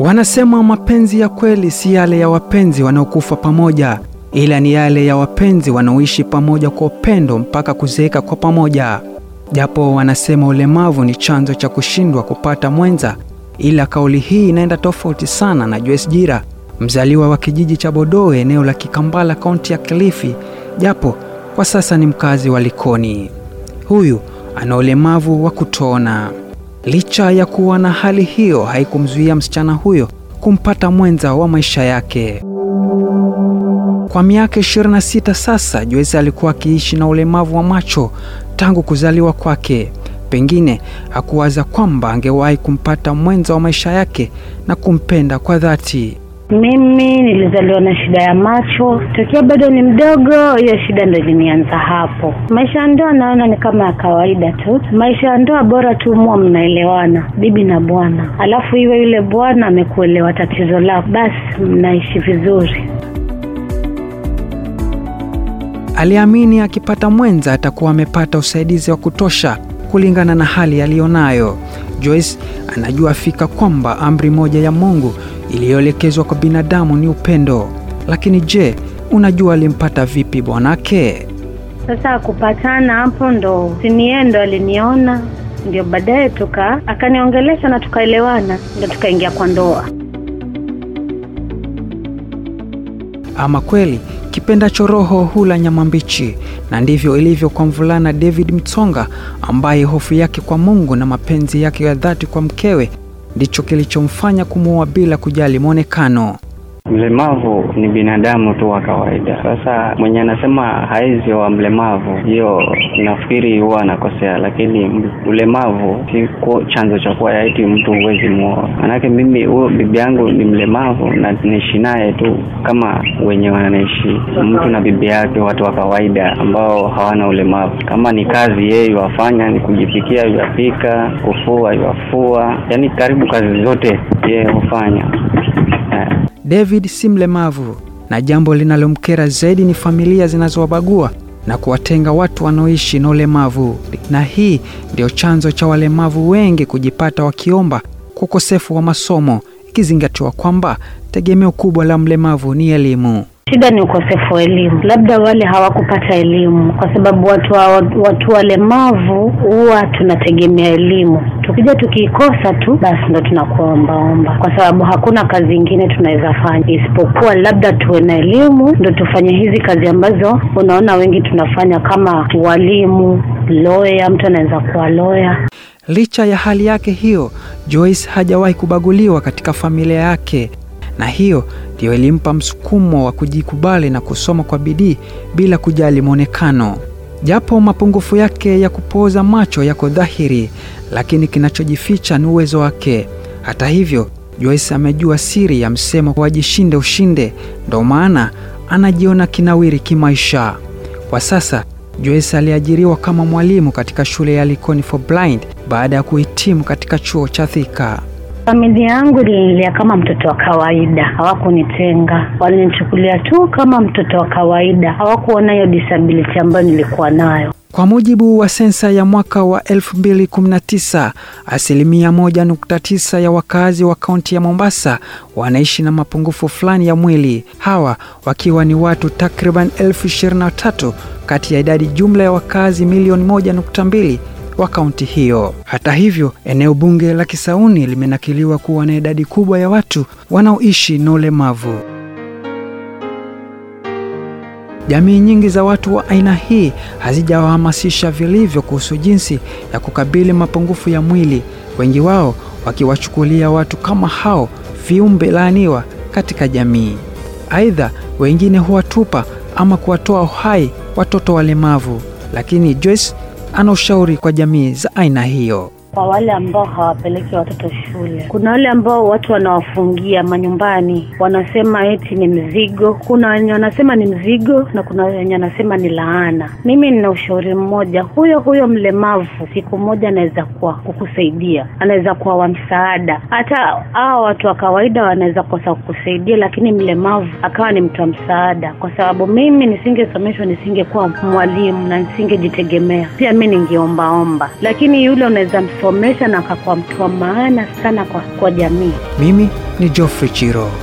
Wanasema mapenzi ya kweli si yale ya wapenzi wanaokufa pamoja, ila ni yale ya wapenzi wanaoishi pamoja kwa upendo mpaka kuzeeka kwa pamoja. Japo wanasema ulemavu ni chanzo cha kushindwa kupata mwenza, ila kauli hii inaenda tofauti sana na Joyce Jira, mzaliwa wa kijiji cha Bodoe, eneo la Kikambala, kaunti ya Kilifi, japo kwa sasa ni mkazi wa Likoni. Huyu ana ulemavu wa kutoona. Licha ya kuwa na hali hiyo, haikumzuia msichana huyo kumpata mwenza wa maisha yake. Kwa miaka 26 sasa, Joyce alikuwa akiishi na ulemavu wa macho tangu kuzaliwa kwake. Pengine hakuwaza kwamba angewahi kumpata mwenza wa maisha yake na kumpenda kwa dhati. Mimi nilizaliwa na shida ya macho tokea bado ni mdogo. Hiyo shida ndo ilinianza hapo. Maisha ya ndoa naona ni kama ya kawaida tu, maisha ya ndoa bora tu mwa mnaelewana, bibi na bwana, alafu iwe yule bwana amekuelewa tatizo lako, basi mnaishi vizuri. Aliamini akipata mwenza atakuwa amepata usaidizi wa kutosha kulingana na hali aliyonayo. Joyce anajua fika kwamba amri moja ya Mungu iliyoelekezwa kwa binadamu ni upendo. Lakini je, unajua alimpata vipi bwanake? Sasa kupatana hapo ndo siniendo aliniona ndio baadaye tuka akaniongelesha na tukaelewana, ndio tukaingia kwa ndoa. Ama kweli kipenda roho hula nyama mbichi, na ndivyo ilivyo kwa mvulana David Mtsonga ambaye hofu yake kwa Mungu na mapenzi yake ya dhati kwa mkewe ndicho kilichomfanya kumwoa bila kujali mwonekano. Mlemavu ni binadamu tu wa kawaida. Sasa mwenye anasema haizi wa mlemavu, hiyo nafikiri huwa anakosea, lakini ulemavu si chanzo cha kuwa yaiti mtu huwezi muoa. Manake mimi huyo bibi yangu ni mlemavu na naishi naye tu kama wenye wanaishi mtu na bibi yake, watu wa kawaida ambao hawana ulemavu. Kama ni kazi yeye iwafanya, ni kujipikia iwapika, kufua iwafua, yani karibu kazi zote yeye hufanya. David si mlemavu na jambo linalomkera zaidi ni familia zinazowabagua na kuwatenga watu wanaoishi na ulemavu, na hii ndio chanzo cha walemavu wengi kujipata wakiomba kwa ukosefu wa masomo, ikizingatiwa kwamba tegemeo kubwa la mlemavu ni elimu. Shida ni ukosefu wa elimu, labda wale hawakupata elimu, kwa sababu watu watu walemavu huwa tunategemea elimu. Tukija tukiikosa tu, basi ndo tunakuwa ombaomba, kwa sababu hakuna kazi ingine tunaweza fanya isipokuwa labda tuwe na elimu, ndo tufanye hizi kazi ambazo unaona wengi tunafanya kama walimu, loya. Mtu anaweza kuwa loya. Licha ya hali yake hiyo, Joyce hajawahi kubaguliwa katika familia yake na hiyo ndiyo ilimpa msukumo wa kujikubali na kusoma kwa bidii bila kujali mwonekano. Japo mapungufu yake ya kupooza macho yako dhahiri, lakini kinachojificha ni uwezo wake. Hata hivyo, Joyce amejua siri ya msemo wa jishinde ushinde, ndo maana anajiona kinawiri kimaisha. Kwa sasa Joyce aliajiriwa kama mwalimu katika shule ya Likoni for Blind baada ya kuhitimu katika chuo cha Thika. Familia yangu ilinilia kama mtoto wa kawaida, hawakunitenga, walinichukulia tu kama mtoto wa kawaida, hawakuona hiyo disability ambayo nilikuwa nayo. Kwa mujibu wa sensa ya mwaka wa 2019, asilimia 1.9 ya wakazi wa kaunti ya Mombasa wanaishi na mapungufu fulani ya mwili, hawa wakiwa ni watu takriban 23 kati ya idadi jumla ya wakazi milioni 1.2 wa kaunti hiyo. Hata hivyo, eneo bunge la Kisauni limenakiliwa kuwa na idadi kubwa ya watu wanaoishi na ulemavu. Jamii nyingi za watu wa aina hii hazijawahamasisha vilivyo kuhusu jinsi ya kukabili mapungufu ya mwili, wengi wao wakiwachukulia watu kama hao viumbe laaniwa katika jamii. Aidha, wengine huwatupa ama kuwatoa uhai watoto walemavu. Lakini Joyce ana ushauri kwa jamii za aina hiyo kwa wale ambao hawapeleki watoto shule. Kuna wale ambao watu wanawafungia manyumbani, wanasema eti ni mzigo. Kuna wenye wanasema ni mzigo na kuna wenye wanasema ni laana. Mimi nina ushauri mmoja, huyo huyo mlemavu siku moja anaweza kuwa kukusaidia, anaweza kuwa wa msaada. Hata hawa watu wa kawaida wanaweza kosa kukusaidia, lakini mlemavu akawa ni mtu wa msaada, kwa sababu mimi nisingesomeshwa, nisingekuwa mwalimu na nisingejitegemea, pia mi ningeombaomba, lakini yule unaweza akatusomesha na akakuwa mtu wa maana sana kwa, kwa jamii. Mimi ni Geoffrey Chiro.